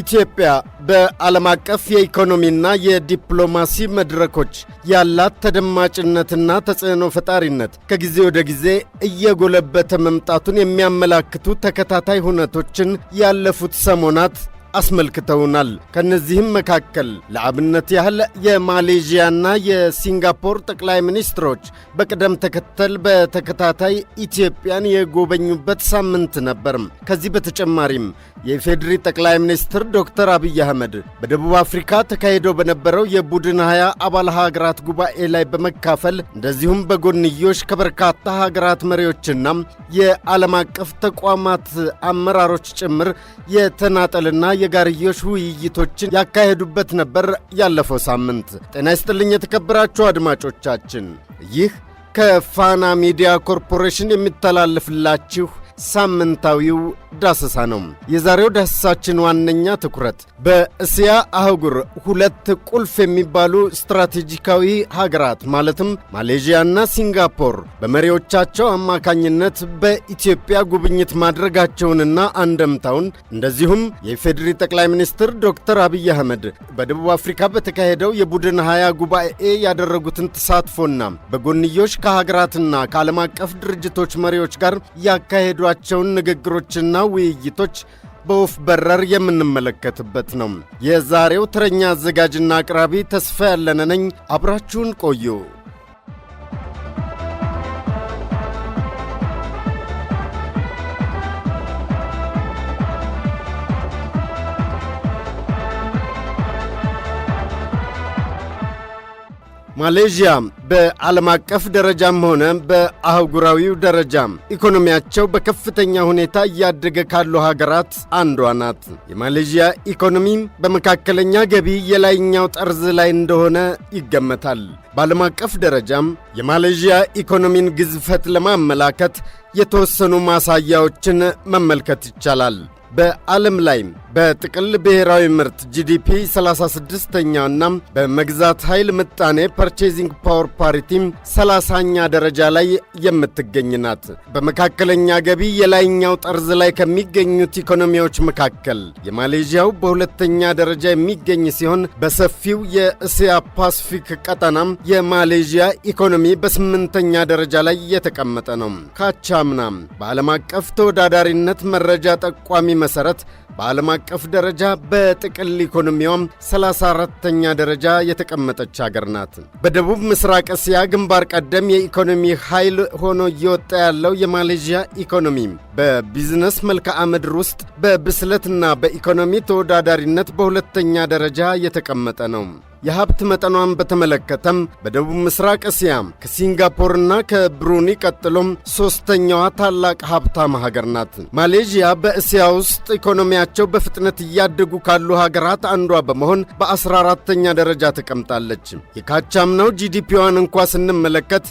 ኢትዮጵያ በዓለም አቀፍ የኢኮኖሚና የዲፕሎማሲ መድረኮች ያላት ተደማጭነትና ተጽዕኖ ፈጣሪነት ከጊዜ ወደ ጊዜ እየጎለበተ መምጣቱን የሚያመላክቱ ተከታታይ ሁነቶችን ያለፉት ሰሞናት አስመልክተውናል። ከእነዚህም መካከል ለአብነት ያህል የማሌዥያና የሲንጋፖር ጠቅላይ ሚኒስትሮች በቅደም ተከተል በተከታታይ ኢትዮጵያን የጎበኙበት ሳምንት ነበር። ከዚህ በተጨማሪም የኢፌዴሪ ጠቅላይ ሚኒስትር ዶክተር አብይ አህመድ በደቡብ አፍሪካ ተካሂዶ በነበረው የቡድን ሀያ አባል ሀገራት ጉባኤ ላይ በመካፈል እንደዚሁም በጎንዮሽ ከበርካታ ሀገራት መሪዎችና የዓለም አቀፍ ተቋማት አመራሮች ጭምር የተናጠልና የጋርዮሽ ውይይቶችን ያካሄዱበት ነበር ያለፈው ሳምንት። ጤና ይስጥልኝ የተከበራችሁ አድማጮቻችን፣ ይህ ከፋና ሚዲያ ኮርፖሬሽን የሚተላለፍላችሁ ሳምንታዊው ዳሰሳ ነው። የዛሬው ዳሰሳችን ዋነኛ ትኩረት በእስያ አህጉር ሁለት ቁልፍ የሚባሉ ስትራቴጂካዊ ሀገራት ማለትም ማሌዥያና ሲንጋፖር በመሪዎቻቸው አማካኝነት በኢትዮጵያ ጉብኝት ማድረጋቸውንና አንደምታውን እንደዚሁም የኢፌዴሪ ጠቅላይ ሚኒስትር ዶክተር አብይ አህመድ በደቡብ አፍሪካ በተካሄደው የቡድን ሀያ ጉባኤ ያደረጉትን ተሳትፎና በጎንዮሽ ከሀገራትና ከዓለም አቀፍ ድርጅቶች መሪዎች ጋር ያካሄዷቸውን ንግግሮችና ውይይቶች በወፍ በረር የምንመለከትበት ነው። የዛሬው ተረኛ አዘጋጅና አቅራቢ ተስፋ ያለነ ነኝ። አብራችሁን ቆዩ። ማሌዥያ በዓለም አቀፍ ደረጃም ሆነ በአህጉራዊው ደረጃ ኢኮኖሚያቸው በከፍተኛ ሁኔታ እያደገ ካሉ ሀገራት አንዷ ናት። የማሌዥያ ኢኮኖሚ በመካከለኛ ገቢ የላይኛው ጠርዝ ላይ እንደሆነ ይገመታል። በዓለም አቀፍ ደረጃም የማሌዥያ ኢኮኖሚን ግዝፈት ለማመላከት የተወሰኑ ማሳያዎችን መመልከት ይቻላል። በዓለም ላይም በጥቅል ብሔራዊ ምርት ጂዲፒ 36ኛ እና በመግዛት ኃይል ምጣኔ ፐርቼዚንግ ፓወር ፓሪቲም 30ኛ ደረጃ ላይ የምትገኝ ናት። በመካከለኛ ገቢ የላይኛው ጠርዝ ላይ ከሚገኙት ኢኮኖሚዎች መካከል የማሌዥያው በሁለተኛ ደረጃ የሚገኝ ሲሆን በሰፊው የእስያ ፓስፊክ ቀጠናም የማሌዥያ ኢኮኖሚ በስምንተኛ ደረጃ ላይ የተቀመጠ ነው። ካቻምናም በዓለም አቀፍ ተወዳዳሪነት መረጃ ጠቋሚ መሠረት በዓለም አቀፍ ደረጃ በጥቅል ኢኮኖሚዋም 34ተኛ ደረጃ የተቀመጠች አገር ናት። በደቡብ ምስራቅ እስያ ግንባር ቀደም የኢኮኖሚ ኃይል ሆኖ እየወጣ ያለው የማሌዥያ ኢኮኖሚ በቢዝነስ መልክዓ ምድር ውስጥ በብስለትና በኢኮኖሚ ተወዳዳሪነት በሁለተኛ ደረጃ የተቀመጠ ነው። የሀብት መጠኗን በተመለከተም በደቡብ ምስራቅ እስያ ከሲንጋፖርና ከብሩኒ ቀጥሎም ሦስተኛዋ ታላቅ ሀብታም ሀገር ናት። ማሌዥያ በእስያ ውስጥ ኢኮኖሚያቸው በፍጥነት እያደጉ ካሉ ሀገራት አንዷ በመሆን በ14ተኛ ደረጃ ተቀምጣለች። የካቻምናው ጂዲፒዋን እንኳ ስንመለከት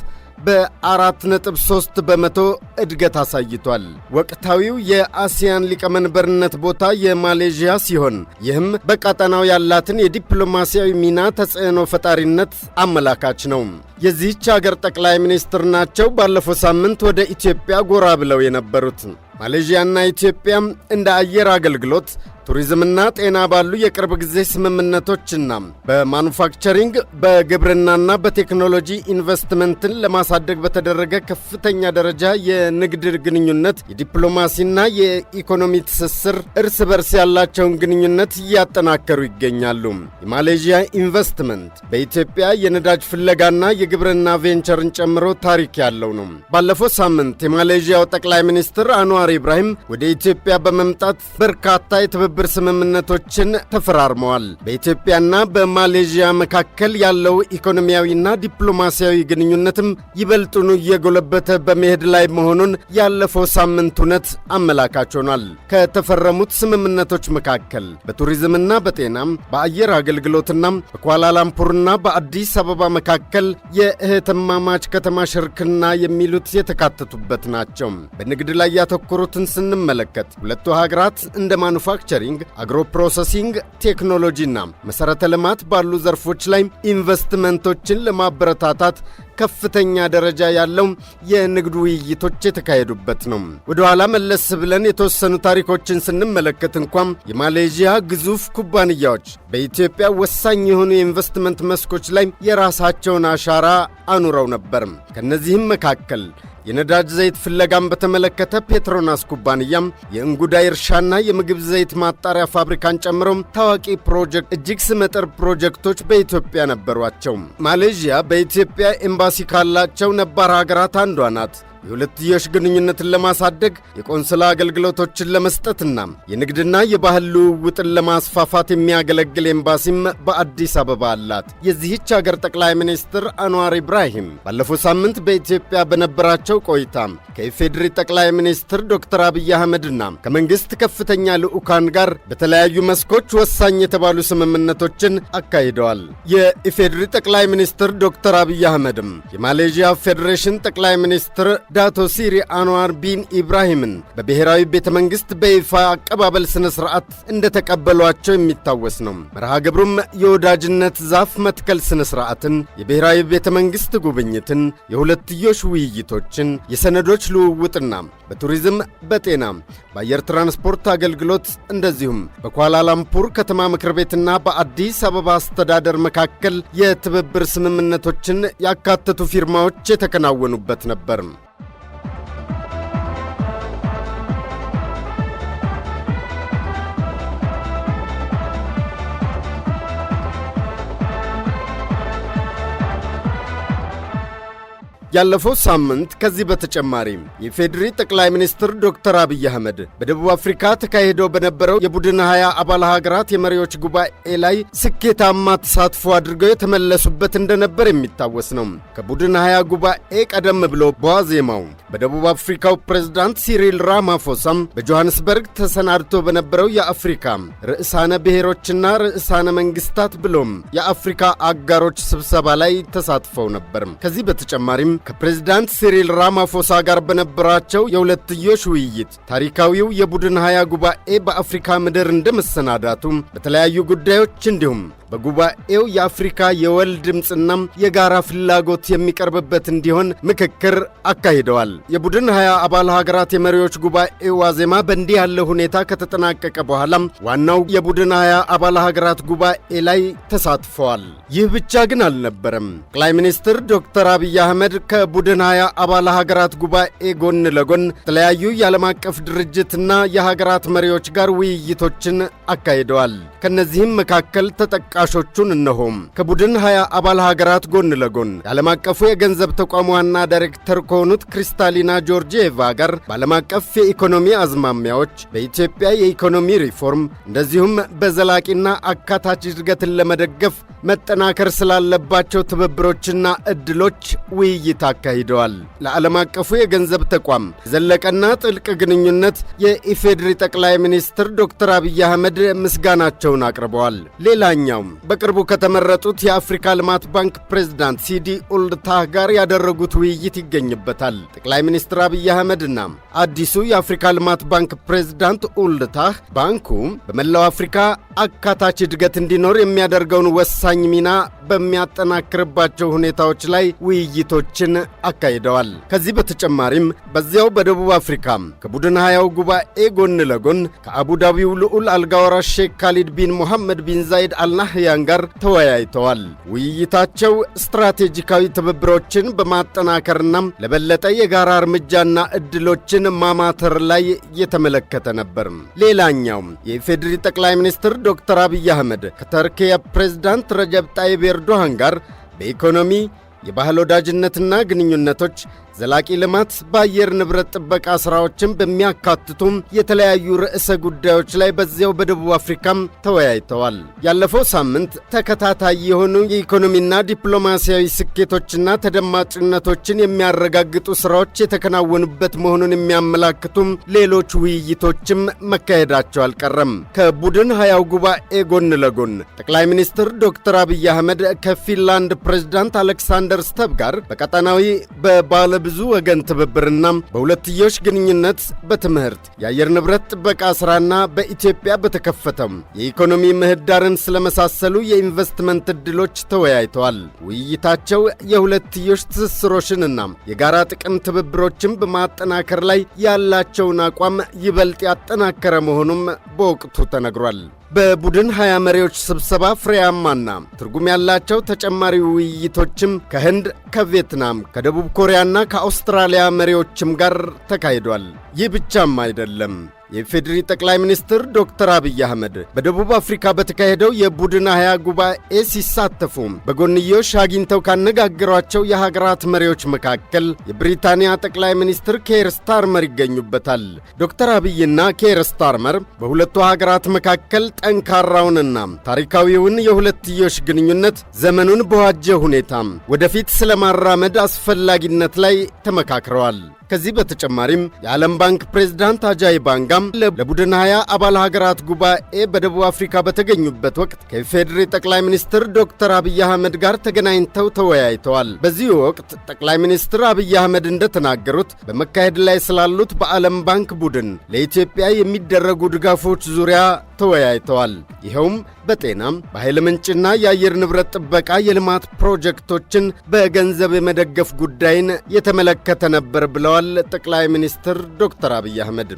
በ4.3 በመቶ እድገት አሳይቷል። ወቅታዊው የአሲያን ሊቀመንበርነት ቦታ የማሌዥያ ሲሆን ይህም በቀጠናው ያላትን የዲፕሎማሲያዊ ሚና ተጽዕኖ ፈጣሪነት አመላካች ነው። የዚህች አገር ጠቅላይ ሚኒስትር ናቸው ባለፈው ሳምንት ወደ ኢትዮጵያ ጎራ ብለው የነበሩት። ማሌዥያና ኢትዮጵያ እንደ አየር አገልግሎት ቱሪዝምና ጤና ባሉ የቅርብ ጊዜ ስምምነቶችና በማኑፋክቸሪንግ በግብርናና በቴክኖሎጂ ኢንቨስትመንትን ለማሳደግ በተደረገ ከፍተኛ ደረጃ የንግድ ግንኙነት፣ የዲፕሎማሲና የኢኮኖሚ ትስስር እርስ በርስ ያላቸውን ግንኙነት እያጠናከሩ ይገኛሉ። የማሌዥያ ኢንቨስትመንት በኢትዮጵያ የነዳጅ ፍለጋና የግብርና ቬንቸርን ጨምሮ ታሪክ ያለው ነው። ባለፈው ሳምንት የማሌዥያው ጠቅላይ ሚኒስትር አንዋር ኢብራሂም ወደ ኢትዮጵያ በመምጣት በርካታ የትብብር የትብብር ስምምነቶችን ተፈራርመዋል። በኢትዮጵያና በማሌዥያ መካከል ያለው ኢኮኖሚያዊና ዲፕሎማሲያዊ ግንኙነትም ይበልጡኑ እየጎለበተ በመሄድ ላይ መሆኑን ያለፈው ሳምንት እውነት አመላካች ሆኗል። ከተፈረሙት ስምምነቶች መካከል በቱሪዝምና በጤናም በአየር አገልግሎትናም በኳላላምፑርና በአዲስ አበባ መካከል የእህትማማች ከተማ ሽርክና የሚሉት የተካተቱበት ናቸው። በንግድ ላይ ያተኮሩትን ስንመለከት ሁለቱ ሀገራት እንደ ማኑፋክቸሪ ማኒፋክቸሪንግ፣ አግሮ ፕሮሰሲንግ ቴክኖሎጂና መሠረተ ልማት ባሉ ዘርፎች ላይ ኢንቨስትመንቶችን ለማበረታታት ከፍተኛ ደረጃ ያለው የንግድ ውይይቶች የተካሄዱበት ነው። ወደ ኋላ መለስ ብለን የተወሰኑ ታሪኮችን ስንመለከት እንኳም የማሌዥያ ግዙፍ ኩባንያዎች በኢትዮጵያ ወሳኝ የሆኑ የኢንቨስትመንት መስኮች ላይ የራሳቸውን አሻራ አኑረው ነበር። ከእነዚህም መካከል የነዳጅ ዘይት ፍለጋን በተመለከተ ፔትሮናስ ኩባንያም የእንጉዳይ እርሻና የምግብ ዘይት ማጣሪያ ፋብሪካን ጨምሮ ታዋቂ ፕሮጀክት እጅግ ስመጥር ፕሮጀክቶች በኢትዮጵያ ነበሯቸው። ማሌዥያ በኢትዮጵያ ኤምባሲ ካላቸው ነባር ሀገራት አንዷ ናት። የሁለትዮሽ ግንኙነትን ለማሳደግ የቆንስላ አገልግሎቶችን ለመስጠትና የንግድና የባህል ልውውጥን ለማስፋፋት የሚያገለግል ኤምባሲም በአዲስ አበባ አላት። የዚህች አገር ጠቅላይ ሚኒስትር አንዋር ኢብራሂም ባለፈው ሳምንት በኢትዮጵያ በነበራቸው ቆይታ ከኢፌድሪ ጠቅላይ ሚኒስትር ዶክተር አብይ አህመድና ከመንግሥት ከፍተኛ ልዑካን ጋር በተለያዩ መስኮች ወሳኝ የተባሉ ስምምነቶችን አካሂደዋል። የኢፌድሪ ጠቅላይ ሚኒስትር ዶክተር አብይ አህመድም የማሌዥያ ፌዴሬሽን ጠቅላይ ሚኒስትር ዳቶ ሲሪ አንዋር ቢን ኢብራሂምን በብሔራዊ ቤተ መንግሥት በይፋ አቀባበል ሥነ ሥርዓት እንደተቀበሏቸው የሚታወስ ነው። መርሃ ግብሩም የወዳጅነት ዛፍ መትከል ሥነ ሥርዓትን፣ የብሔራዊ ቤተ መንግሥት ጉብኝትን፣ የሁለትዮሽ ውይይቶችን፣ የሰነዶች ልውውጥና በቱሪዝም፣ በጤና፣ በአየር ትራንስፖርት አገልግሎት እንደዚሁም በኳላላምፑር ከተማ ምክር ቤትና በአዲስ አበባ አስተዳደር መካከል የትብብር ስምምነቶችን ያካተቱ ፊርማዎች የተከናወኑበት ነበር። ያለፈው ሳምንት ከዚህ በተጨማሪም የፌዴሪ ጠቅላይ ሚኒስትር ዶክተር አብይ አህመድ በደቡብ አፍሪካ ተካሂዶ በነበረው የቡድን ሀያ አባል ሀገራት የመሪዎች ጉባኤ ላይ ስኬታማ ተሳትፎ አድርገው የተመለሱበት እንደነበር የሚታወስ ነው። ከቡድን ሀያ ጉባኤ ቀደም ብሎ በዋዜማው በደቡብ አፍሪካው ፕሬዝዳንት ሲሪል ራማፎሳም በጆሐንስበርግ ተሰናድቶ በነበረው የአፍሪካ ርዕሳነ ብሔሮችና ርዕሳነ መንግስታት ብሎም የአፍሪካ አጋሮች ስብሰባ ላይ ተሳትፈው ነበር። ከዚህ በተጨማሪም ከፕሬዝዳንት ሲሪል ራማፎሳ ጋር በነበራቸው የሁለትዮሽ ውይይት ታሪካዊው የቡድን ሀያ ጉባኤ በአፍሪካ ምድር እንደመሰናዳቱም በተለያዩ ጉዳዮች እንዲሁም በጉባኤው የአፍሪካ የወል ድምፅና የጋራ ፍላጎት የሚቀርብበት እንዲሆን ምክክር አካሂደዋል። የቡድን ሀያ አባል ሀገራት የመሪዎች ጉባኤ ዋዜማ በእንዲህ ያለ ሁኔታ ከተጠናቀቀ በኋላም ዋናው የቡድን ሀያ አባል ሀገራት ጉባኤ ላይ ተሳትፈዋል። ይህ ብቻ ግን አልነበረም። ጠቅላይ ሚኒስትር ዶክተር አብይ አህመድ ከቡድን ሀያ አባል ሀገራት ጉባኤ ጎን ለጎን የተለያዩ የዓለም አቀፍ ድርጅትና የሀገራት መሪዎች ጋር ውይይቶችን አካሂደዋል። ከእነዚህም መካከል ተጠቃ ተጠቃሾቹን እነሆም። ከቡድን ሀያ አባል ሀገራት ጎን ለጎን የዓለም አቀፉ የገንዘብ ተቋም ዋና ዳይሬክተር ከሆኑት ክሪስታሊና ጆርጂዬቫ ጋር በዓለም አቀፍ የኢኮኖሚ አዝማሚያዎች፣ በኢትዮጵያ የኢኮኖሚ ሪፎርም እንደዚሁም በዘላቂና አካታች እድገትን ለመደገፍ መጠናከር ስላለባቸው ትብብሮችና እድሎች ውይይት አካሂደዋል። ለዓለም አቀፉ የገንዘብ ተቋም ዘለቀና ጥልቅ ግንኙነት የኢፌዴሪ ጠቅላይ ሚኒስትር ዶክተር አብይ አህመድ ምስጋናቸውን አቅርበዋል። ሌላኛው በቅርቡ ከተመረጡት የአፍሪካ ልማት ባንክ ፕሬዝዳንት ሲዲ ኡልድታህ ጋር ያደረጉት ውይይት ይገኝበታል። ጠቅላይ ሚኒስትር አብይ አህመድና አዲሱ የአፍሪካ ልማት ባንክ ፕሬዝዳንት ኡልድታህ ባንኩ በመላው አፍሪካ አካታች እድገት እንዲኖር የሚያደርገውን ወሳኝ ሚና በሚያጠናክርባቸው ሁኔታዎች ላይ ውይይቶችን አካሂደዋል። ከዚህ በተጨማሪም በዚያው በደቡብ አፍሪካ ከቡድን ሀያው ጉባኤ ጎን ለጎን ከአቡዳቢው ልዑል አልጋወራሽ ሼክ ካሊድ ቢን ሞሐመድ ቢን ዛይድ አልናህ ሻህያን ጋር ተወያይተዋል። ውይይታቸው ስትራቴጂካዊ ትብብሮችን በማጠናከርና ለበለጠ የጋራ እርምጃና እድሎችን ማማተር ላይ የተመለከተ ነበር። ሌላኛው የኢፌዴሪ ጠቅላይ ሚኒስትር ዶክተር አብይ አህመድ ከተርኪያ ፕሬዝዳንት ረጀብ ጣይብ ኤርዶሃን ጋር በኢኮኖሚ የባህል ወዳጅነትና ግንኙነቶች ዘላቂ ልማት በአየር ንብረት ጥበቃ ስራዎችን በሚያካትቱም የተለያዩ ርዕሰ ጉዳዮች ላይ በዚያው በደቡብ አፍሪካም ተወያይተዋል። ያለፈው ሳምንት ተከታታይ የሆኑ የኢኮኖሚና ዲፕሎማሲያዊ ስኬቶችና ተደማጭነቶችን የሚያረጋግጡ ስራዎች የተከናወኑበት መሆኑን የሚያመላክቱም ሌሎች ውይይቶችም መካሄዳቸው አልቀረም። ከቡድን ሀያው ጉባኤ ጎን ለጎን ጠቅላይ ሚኒስትር ዶክተር አብይ አህመድ ከፊንላንድ ፕሬዝዳንት አሌክሳንደር ስተብ ጋር በቀጠናዊ በባለብ በብዙ ወገን ትብብርና በሁለትዮሽ ግንኙነት በትምህርት የአየር ንብረት ጥበቃ ሥራና በኢትዮጵያ በተከፈተው የኢኮኖሚ ምህዳርን ስለመሳሰሉ የኢንቨስትመንት ዕድሎች ተወያይተዋል። ውይይታቸው የሁለትዮሽ ትስስሮችንና የጋራ ጥቅም ትብብሮችን በማጠናከር ላይ ያላቸውን አቋም ይበልጥ ያጠናከረ መሆኑም በወቅቱ ተነግሯል። በቡድን ሀያ መሪዎች ስብሰባ ፍሬያማና ትርጉም ያላቸው ተጨማሪ ውይይቶችም ከህንድ፣ ከቪየትናም፣ ከደቡብ ኮሪያና ከአውስትራሊያ መሪዎችም ጋር ተካሂዷል። ይህ ብቻም አይደለም። የኢፌዴሪ ጠቅላይ ሚኒስትር ዶክተር አብይ አህመድ በደቡብ አፍሪካ በተካሄደው የቡድን ሀያ ጉባኤ ሲሳተፉ በጎንዮሽ አግኝተው ካነጋገሯቸው የሀገራት መሪዎች መካከል የብሪታንያ ጠቅላይ ሚኒስትር ኬር ስታርመር ይገኙበታል። ዶክተር አብይና ኬር ስታርመር በሁለቱ ሀገራት መካከል ጠንካራውንና ታሪካዊውን የሁለትዮሽ ግንኙነት ዘመኑን በዋጀ ሁኔታ ወደፊት ስለማራመድ አስፈላጊነት ላይ ተመካክረዋል። ከዚህ በተጨማሪም የዓለም ባንክ ፕሬዝዳንት አጃይ ባንጋም ለቡድን ሀያ አባል ሀገራት ጉባኤ በደቡብ አፍሪካ በተገኙበት ወቅት ከኢፌዴሪ ጠቅላይ ሚኒስትር ዶክተር አብይ አህመድ ጋር ተገናኝተው ተወያይተዋል። በዚህ ወቅት ጠቅላይ ሚኒስትር አብይ አህመድ እንደተናገሩት በመካሄድ ላይ ስላሉት በዓለም ባንክ ቡድን ለኢትዮጵያ የሚደረጉ ድጋፎች ዙሪያ ተወያይተዋል። ይኸውም በጤናም በኃይል ምንጭና የአየር ንብረት ጥበቃ የልማት ፕሮጀክቶችን በገንዘብ የመደገፍ ጉዳይን የተመለከተ ነበር ብለዋል ጠቅላይ ሚኒስትር ዶክተር አብይ አህመድ።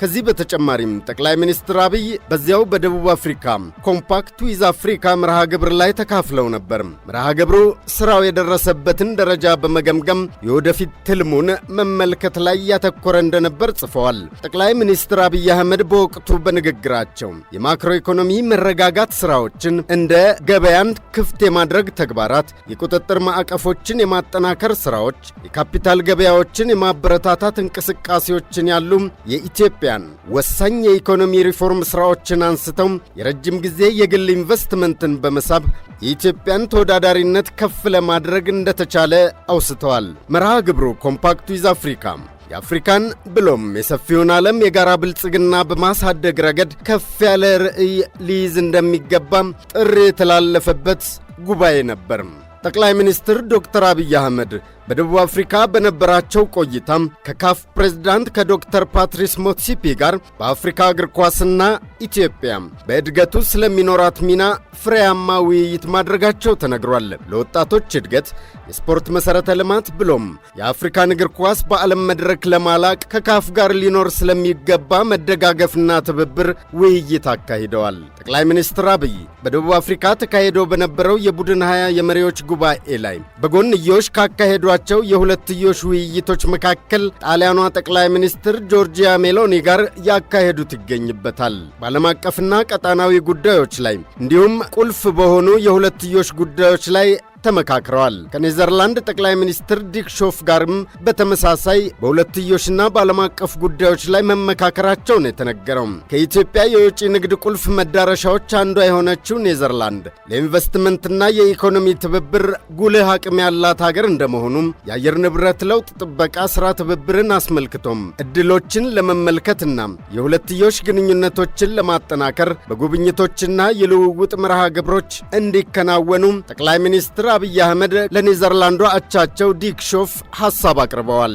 ከዚህ በተጨማሪም ጠቅላይ ሚኒስትር አብይ በዚያው በደቡብ አፍሪካ ኮምፓክት ዊዝ አፍሪካ መርሃ ግብር ላይ ተካፍለው ነበር። መርሃ ግብሩ ስራው የደረሰበትን ደረጃ በመገምገም የወደፊት ትልሙን መመልከት ላይ ያተኮረ እንደነበር ጽፈዋል። ጠቅላይ ሚኒስትር አብይ አህመድ በወቅቱ በንግግራቸው የማክሮ ኢኮኖሚ መረጋጋት ስራዎችን እንደ ገበያን ክፍት የማድረግ ተግባራት፣ የቁጥጥር ማዕቀፎችን የማጠናከር ስራዎች፣ የካፒታል ገበያዎችን የማበረታታት እንቅስቃሴዎችን ያሉ የኢትዮጵያ ኢትዮጵያን ወሳኝ የኢኮኖሚ ሪፎርም ሥራዎችን አንስተው የረጅም ጊዜ የግል ኢንቨስትመንትን በመሳብ የኢትዮጵያን ተወዳዳሪነት ከፍ ለማድረግ እንደተቻለ አውስተዋል። መርሃ ግብሩ ኮምፓክት ዊዝ አፍሪካ የአፍሪካን ብሎም የሰፊውን ዓለም የጋራ ብልጽግና በማሳደግ ረገድ ከፍ ያለ ርዕይ ሊይዝ እንደሚገባም ጥሪ የተላለፈበት ጉባኤ ነበር። ጠቅላይ ሚኒስትር ዶክተር አብይ አህመድ በደቡብ አፍሪካ በነበራቸው ቆይታም ከካፍ ፕሬዝዳንት ከዶክተር ፓትሪስ ሞትሲፒ ጋር በአፍሪካ እግር ኳስና ኢትዮጵያ በእድገቱ ስለሚኖራት ሚና ፍሬያማ ውይይት ማድረጋቸው ተነግሯል። ለወጣቶች እድገት የስፖርት መሠረተ ልማት ብሎም የአፍሪካን እግር ኳስ በዓለም መድረክ ለማላቅ ከካፍ ጋር ሊኖር ስለሚገባ መደጋገፍና ትብብር ውይይት አካሂደዋል። ጠቅላይ ሚኒስትር አብይ በደቡብ አፍሪካ ተካሂዶ በነበረው የቡድን ሀያ የመሪዎች ጉባኤ ላይ በጎንዮሽ ካካሄዷ ከነበራቸው የሁለትዮሽ ውይይቶች መካከል ጣሊያኗ ጠቅላይ ሚኒስትር ጆርጂያ ሜሎኒ ጋር ያካሄዱት ይገኝበታል። በዓለም አቀፍና ቀጣናዊ ጉዳዮች ላይ እንዲሁም ቁልፍ በሆኑ የሁለትዮሽ ጉዳዮች ላይ ተመካክረዋል። ከኔዘርላንድ ጠቅላይ ሚኒስትር ዲክ ሾፍ ጋርም በተመሳሳይ በሁለትዮሽና በዓለም አቀፍ ጉዳዮች ላይ መመካከራቸው ነው የተነገረው። ከኢትዮጵያ የውጭ ንግድ ቁልፍ መዳረሻዎች አንዷ የሆነችው ኔዘርላንድ ለኢንቨስትመንትና የኢኮኖሚ ትብብር ጉልህ አቅም ያላት ሀገር እንደመሆኑም የአየር ንብረት ለውጥ ጥበቃ ስራ ትብብርን አስመልክቶም እድሎችን ለመመልከትና የሁለትዮሽ ግንኙነቶችን ለማጠናከር በጉብኝቶችና የልውውጥ መርሃ ግብሮች እንዲከናወኑ ጠቅላይ ሚኒስትር አብይ አህመድ ለኔዘርላንዷ አቻቸው ዲክሾፍ ሐሳብ አቅርበዋል።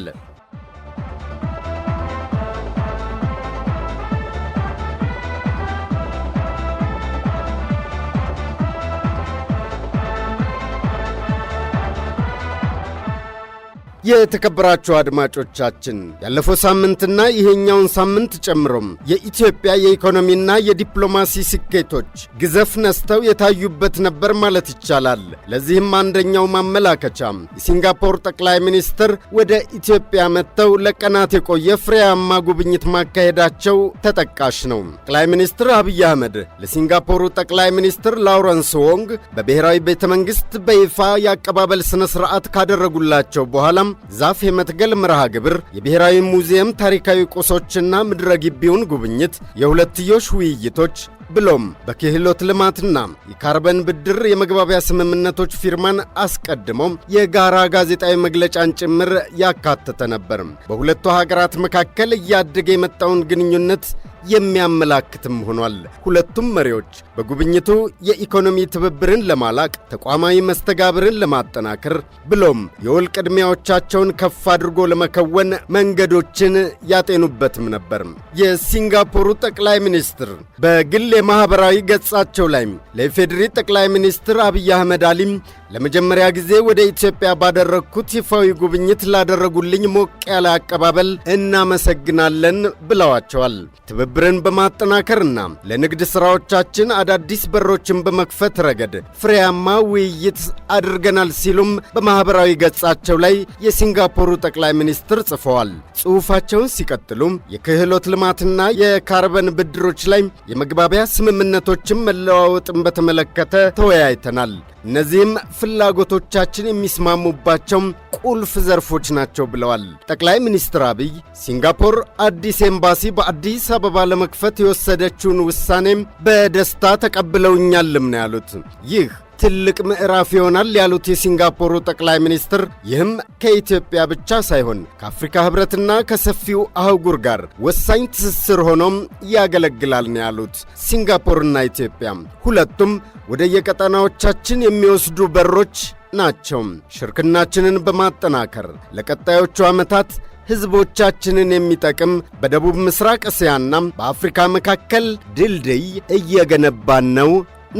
የተከበራችሁ አድማጮቻችን ያለፈው ሳምንትና ይሄኛውን ሳምንት ጨምሮም የኢትዮጵያ የኢኮኖሚና የዲፕሎማሲ ስኬቶች ግዘፍ ነስተው የታዩበት ነበር ማለት ይቻላል። ለዚህም አንደኛው ማመላከቻ የሲንጋፖር ጠቅላይ ሚኒስትር ወደ ኢትዮጵያ መጥተው ለቀናት የቆየ ፍሬያማ ጉብኝት ማካሄዳቸው ተጠቃሽ ነው። ጠቅላይ ሚኒስትር አብይ አህመድ ለሲንጋፖሩ ጠቅላይ ሚኒስትር ላውረንስ ዎንግ በብሔራዊ ቤተ መንግሥት በይፋ የአቀባበል ሥነ ሥርዓት ካደረጉላቸው በኋላም ዛፍ የመትከል መርሃ ግብር፣ የብሔራዊ ሙዚየም ታሪካዊ ቁሶችና ምድረ ግቢውን ጉብኝት፣ የሁለትዮሽ ውይይቶች ብሎም በክህሎት ልማትና የካርበን ብድር የመግባቢያ ስምምነቶች ፊርማን አስቀድሞም የጋራ ጋዜጣዊ መግለጫን ጭምር ያካተተ ነበር። በሁለቱ ሀገራት መካከል እያደገ የመጣውን ግንኙነት የሚያመላክትም ሆኗል። ሁለቱም መሪዎች በጉብኝቱ የኢኮኖሚ ትብብርን ለማላቅ፣ ተቋማዊ መስተጋብርን ለማጠናከር ብሎም የወል ቅድሚያዎቻቸውን ከፍ አድርጎ ለመከወን መንገዶችን ያጤኑበትም ነበር። የሲንጋፖሩ ጠቅላይ ሚኒስትር በግል የማኅበራዊ ገጻቸው ላይ ለኢፌዴሪ ጠቅላይ ሚኒስትር አብይ አህመድ አሊም ለመጀመሪያ ጊዜ ወደ ኢትዮጵያ ባደረግኩት ይፋዊ ጉብኝት ላደረጉልኝ ሞቅ ያለ አቀባበል እናመሰግናለን ብለዋቸዋል። ትብብርን በማጠናከርና ለንግድ ሥራዎቻችን አዳዲስ በሮችን በመክፈት ረገድ ፍሬያማ ውይይት አድርገናል ሲሉም በማኅበራዊ ገጻቸው ላይ የሲንጋፖሩ ጠቅላይ ሚኒስትር ጽፈዋል። ጽሑፋቸውን ሲቀጥሉም የክህሎት ልማትና የካርበን ብድሮች ላይ የመግባቢያ ስምምነቶችን መለዋወጥን በተመለከተ ተወያይተናል። እነዚህም ፍላጎቶቻችን የሚስማሙባቸው ቁልፍ ዘርፎች ናቸው ብለዋል ጠቅላይ ሚኒስትር አብይ። ሲንጋፖር አዲስ ኤምባሲ በአዲስ አበባ ለመክፈት የወሰደችውን ውሳኔም በደስታ ተቀብለውኛልም ነው ያሉት። ይህ ትልቅ ምዕራፍ ይሆናል ያሉት የሲንጋፖሩ ጠቅላይ ሚኒስትር ይህም ከኢትዮጵያ ብቻ ሳይሆን ከአፍሪካ ህብረትና ከሰፊው አህጉር ጋር ወሳኝ ትስስር ሆኖም ያገለግላል ነው ያሉት። ሲንጋፖርና ኢትዮጵያ ሁለቱም ወደ የቀጠናዎቻችን የሚወስዱ በሮች ናቸው። ሽርክናችንን በማጠናከር ለቀጣዮቹ ዓመታት ሕዝቦቻችንን የሚጠቅም በደቡብ ምስራቅ እስያና በአፍሪካ መካከል ድልድይ እየገነባን ነው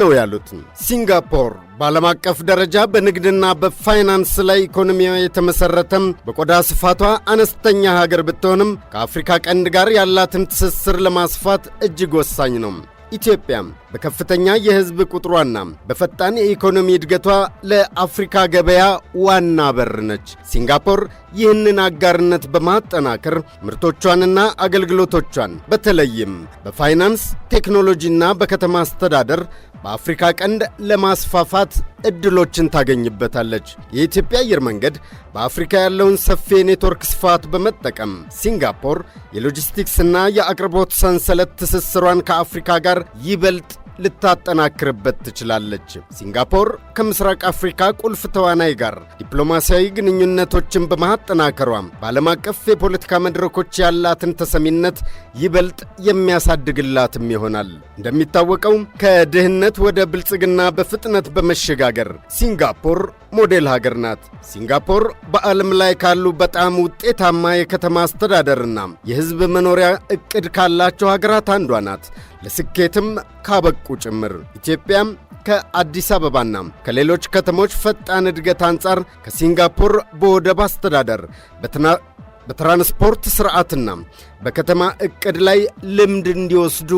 ነው ያሉት። ሲንጋፖር በዓለም አቀፍ ደረጃ በንግድና በፋይናንስ ላይ ኢኮኖሚያ የተመሠረተም በቆዳ ስፋቷ አነስተኛ ሀገር ብትሆንም ከአፍሪካ ቀንድ ጋር ያላትን ትስስር ለማስፋት እጅግ ወሳኝ ነው። ኢትዮጵያ በከፍተኛ የሕዝብ ቁጥሯና በፈጣን የኢኮኖሚ እድገቷ ለአፍሪካ ገበያ ዋና በር ነች። ሲንጋፖር ይህንን አጋርነት በማጠናከር ምርቶቿንና አገልግሎቶቿን በተለይም በፋይናንስ ቴክኖሎጂና በከተማ አስተዳደር በአፍሪካ ቀንድ ለማስፋፋት እድሎችን ታገኝበታለች። የኢትዮጵያ አየር መንገድ በአፍሪካ ያለውን ሰፊ የኔትወርክ ስፋት በመጠቀም ሲንጋፖር የሎጂስቲክስና የአቅርቦት ሰንሰለት ትስስሯን ከአፍሪካ ጋር ይበልጥ ልታጠናክርበት ትችላለች። ሲንጋፖር ከምስራቅ አፍሪካ ቁልፍ ተዋናይ ጋር ዲፕሎማሲያዊ ግንኙነቶችን በማጠናከሯም በዓለም አቀፍ የፖለቲካ መድረኮች ያላትን ተሰሚነት ይበልጥ የሚያሳድግላትም ይሆናል። እንደሚታወቀው ከድህነት ወደ ብልጽግና በፍጥነት በመሸጋገር ሲንጋፖር ሞዴል ሀገር ናት። ሲንጋፖር በዓለም ላይ ካሉ በጣም ውጤታማ የከተማ አስተዳደርና የሕዝብ መኖሪያ ዕቅድ ካላቸው ሀገራት አንዷ ናት። ለስኬትም ካበቁ ጭምር ኢትዮጵያም ከአዲስ አበባና ከሌሎች ከተሞች ፈጣን እድገት አንጻር ከሲንጋፖር በወደብ አስተዳደር በትራንስፖርት ሥርዓትና በከተማ ዕቅድ ላይ ልምድ እንዲወስዱ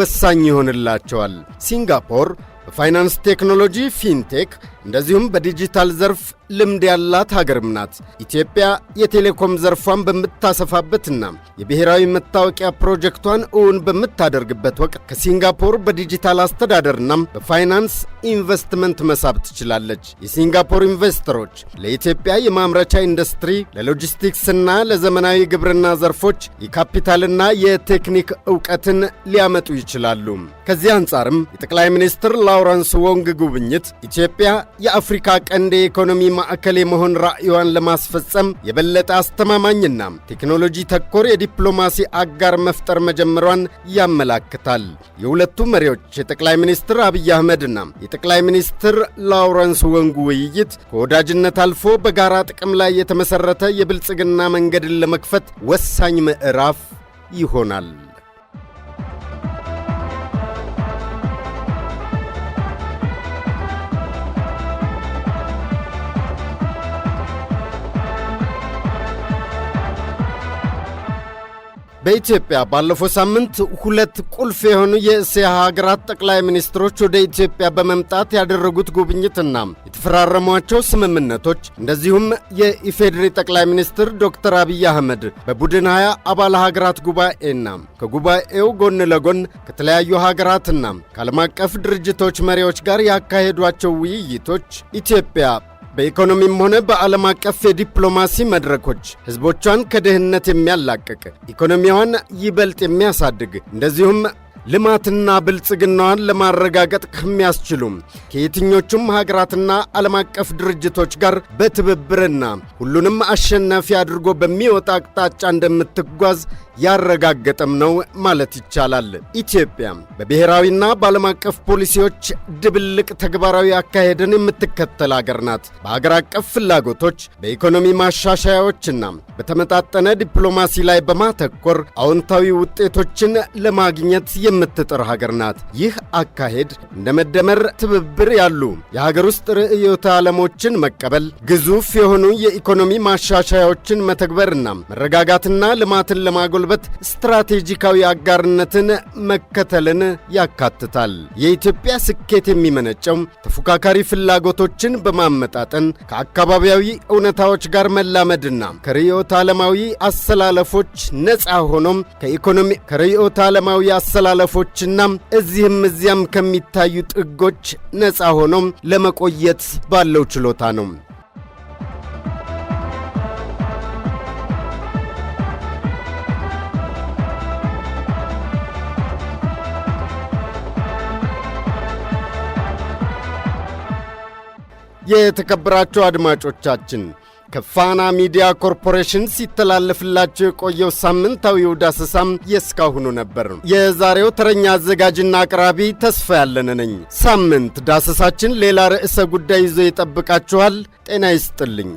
ወሳኝ ይሆንላቸዋል። ሲንጋፖር በፋይናንስ ቴክኖሎጂ ፊንቴክ እንደዚሁም በዲጂታል ዘርፍ ልምድ ያላት ሀገርም ናት። ኢትዮጵያ የቴሌኮም ዘርፏን በምታሰፋበትና የብሔራዊ መታወቂያ ፕሮጀክቷን እውን በምታደርግበት ወቅት ከሲንጋፖር በዲጂታል አስተዳደርና በፋይናንስ ኢንቨስትመንት መሳብ ትችላለች። የሲንጋፖር ኢንቨስተሮች ለኢትዮጵያ የማምረቻ ኢንዱስትሪ፣ ለሎጂስቲክስና ለዘመናዊ ግብርና ዘርፎች የካፒታልና የቴክኒክ እውቀትን ሊያመጡ ይችላሉ። ከዚህ አንጻርም የጠቅላይ ሚኒስትር ላውረንስ ወንግ ጉብኝት ኢትዮጵያ የአፍሪካ ቀንድ የኢኮኖሚ ማዕከል የመሆን ራዕይዋን ለማስፈጸም የበለጠ አስተማማኝና ቴክኖሎጂ ተኮር የዲፕሎማሲ አጋር መፍጠር መጀመሯን ያመላክታል። የሁለቱ መሪዎች የጠቅላይ ሚኒስትር አብይ አህመድና የጠቅላይ ሚኒስትር ላውረንስ ወንጉ ውይይት ከወዳጅነት አልፎ በጋራ ጥቅም ላይ የተመሠረተ የብልጽግና መንገድን ለመክፈት ወሳኝ ምዕራፍ ይሆናል። በኢትዮጵያ ባለፈው ሳምንት ሁለት ቁልፍ የሆኑ የእስያ ሀገራት ጠቅላይ ሚኒስትሮች ወደ ኢትዮጵያ በመምጣት ያደረጉት ጉብኝትና የተፈራረሟቸው ስምምነቶች እንደዚሁም የኢፌዴሪ ጠቅላይ ሚኒስትር ዶክተር አብይ አህመድ በቡድን ሀያ አባል ሀገራት ጉባኤና ከጉባኤው ጎን ለጎን ከተለያዩ ሀገራትና ከዓለም አቀፍ ድርጅቶች መሪዎች ጋር ያካሄዷቸው ውይይቶች ኢትዮጵያ በኢኮኖሚም ሆነ በዓለም አቀፍ የዲፕሎማሲ መድረኮች ሕዝቦቿን ከድህነት የሚያላቅቅ ኢኮኖሚዋን ይበልጥ የሚያሳድግ እንደዚሁም ልማትና ብልጽግናዋን ለማረጋገጥ ከሚያስችሉም ከየትኞቹም ሀገራትና ዓለም አቀፍ ድርጅቶች ጋር በትብብርና ሁሉንም አሸናፊ አድርጎ በሚወጣ አቅጣጫ እንደምትጓዝ ያረጋገጠም ነው ማለት ይቻላል። ኢትዮጵያ በብሔራዊና በዓለም አቀፍ ፖሊሲዎች ድብልቅ ተግባራዊ አካሄድን የምትከተል አገር ናት። በአገር አቀፍ ፍላጎቶች፣ በኢኮኖሚ ማሻሻያዎችና በተመጣጠነ ዲፕሎማሲ ላይ በማተኮር አዎንታዊ ውጤቶችን ለማግኘት የምትጥር ሀገር ናት። ይህ አካሄድ እንደ መደመር ትብብር ያሉ የሀገር ውስጥ ርዕዮተ ዓለሞችን መቀበል፣ ግዙፍ የሆኑ የኢኮኖሚ ማሻሻያዎችን መተግበርና መረጋጋትና ልማትን ለማጎል ለማጎልበት ስትራቴጂካዊ አጋርነትን መከተልን ያካትታል። የኢትዮጵያ ስኬት የሚመነጨው ተፎካካሪ ፍላጎቶችን በማመጣጠን ከአካባቢያዊ እውነታዎች ጋር መላመድና ከርዕዮተ ዓለማዊ አሰላለፎች ነፃ ሆኖም ከኢኮኖሚ ከርዕዮተ ዓለማዊ አሰላለፎችና እዚህም እዚያም ከሚታዩ ጥጎች ነፃ ሆኖም ለመቆየት ባለው ችሎታ ነው። የተከበራቸው አድማጮቻችን ከፋና ሚዲያ ኮርፖሬሽን ሲተላለፍላቸው የቆየው ሳምንታዊው ዳሰሳም የእስካሁኑ ነበር። የዛሬው ተረኛ አዘጋጅና አቅራቢ ተስፋ ያለነ ነኝ። ሳምንት ዳሰሳችን ሌላ ርዕሰ ጉዳይ ይዞ ይጠብቃችኋል። ጤና ይስጥልኝ።